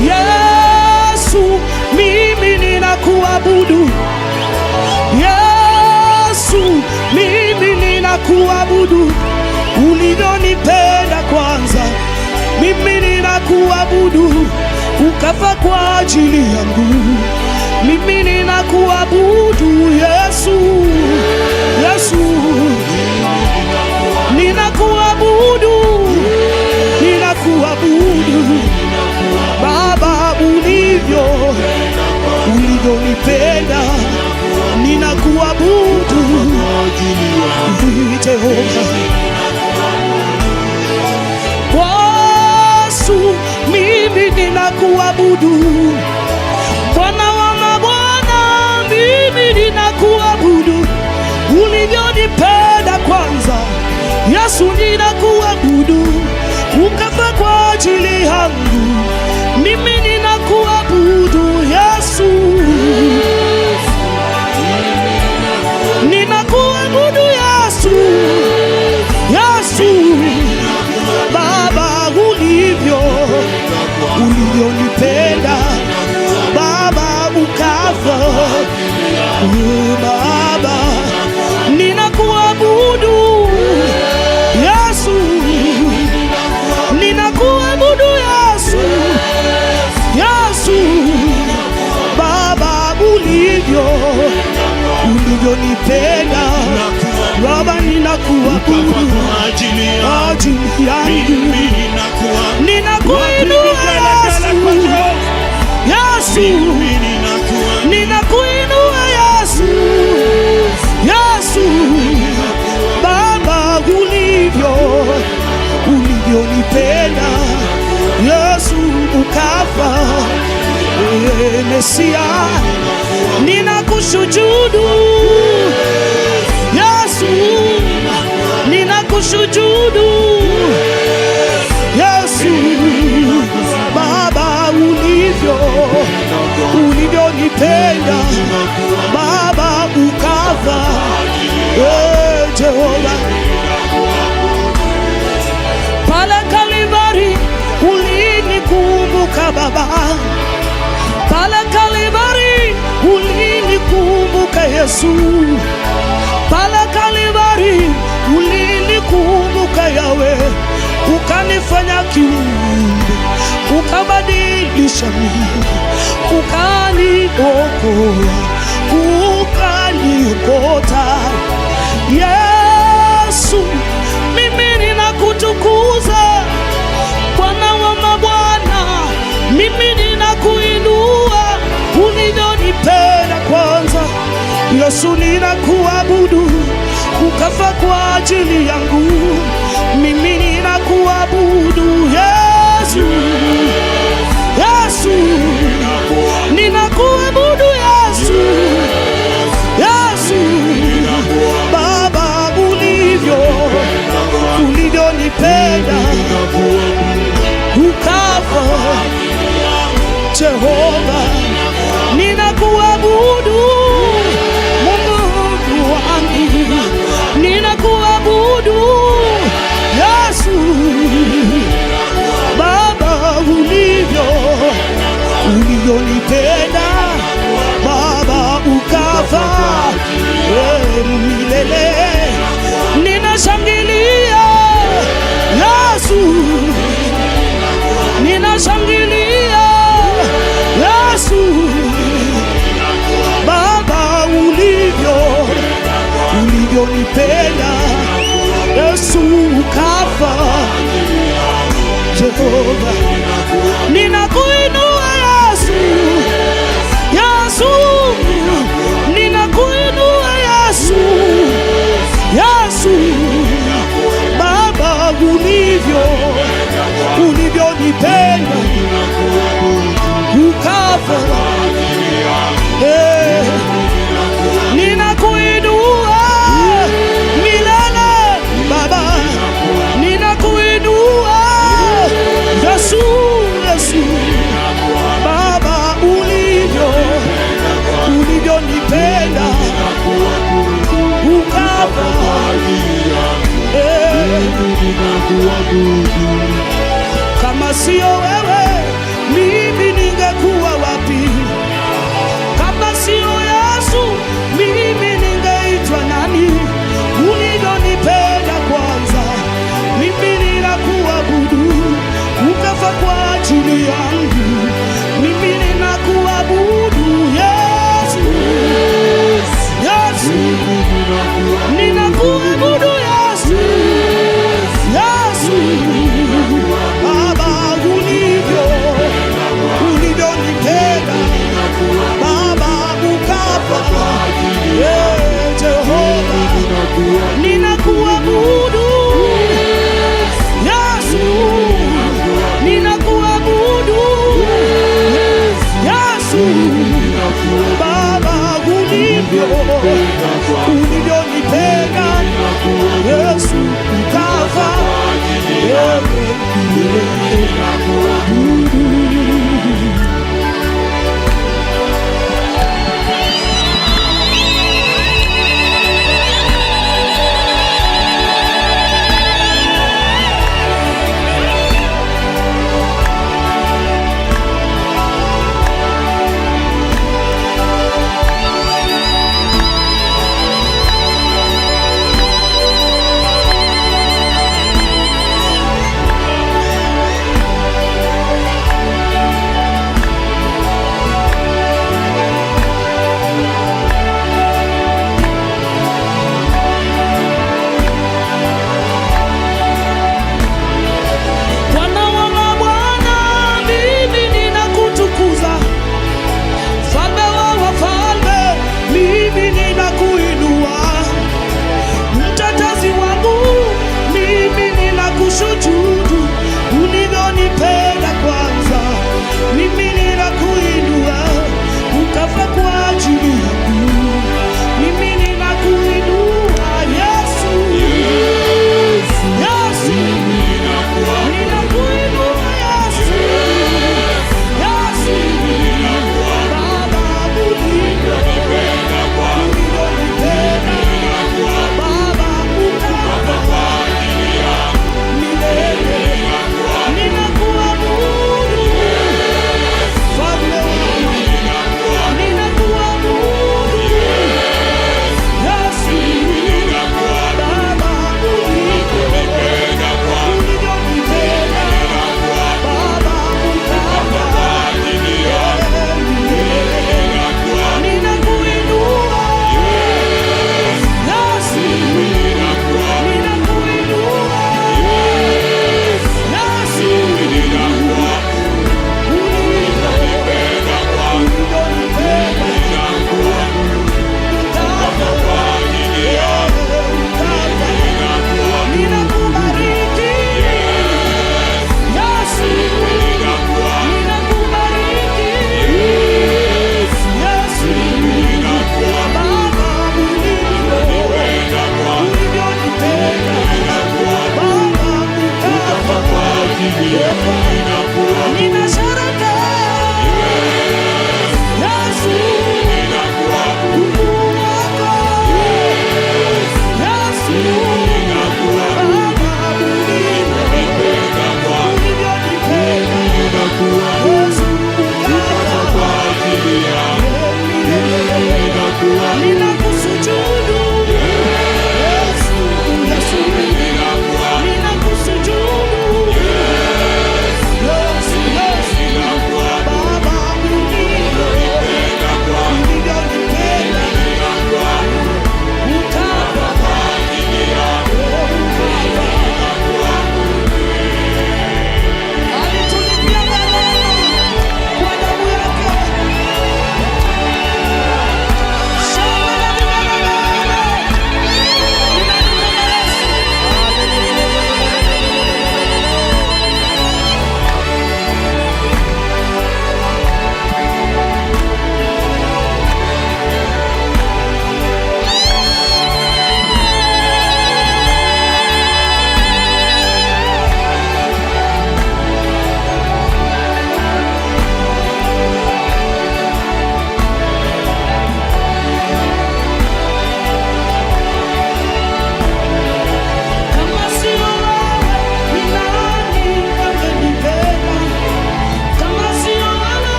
Yesu, mimi ninakuabudu. Yesu, mimi ninakuabudu. Ulivyonipenda kwanza, mimi ninakuabudu. Ukafa kwa ajili yangu, mimi ninakuabudu. Yesu Yesu, mimi ninakuabudu. Bwana wa mabwana, mimi ninakuabudu. Ulivyonipenda kwanza, Yesu ninakuabudu. Ukafa kwa ajili yangu mimi yangu Baba, ninakuabudu Yesu, ninakuabudu Yesu, Yesu Baba, ulivyo ulivyonipenda Baba, ninakuabudu ajili yangu, ninakuinua Yesu, Yesu tena, Yesu ukafa, wewe Mesia, ninakushujudu Yesu, ninakushujudu Yesu, Baba ulivyo ulivyonipenda Baba ukafa Bwana Baba, pale Kalvari ulinikumbuka Yesu, pale Kalvari ulinikumbuka Yawe, ukanifanya kiumbe, ukabadilisha mimi, ukaniokoa, ukaniokota Yesu Yesu, ninakuabudu, ukafa kwa ajili yangu. over. kama sio wewe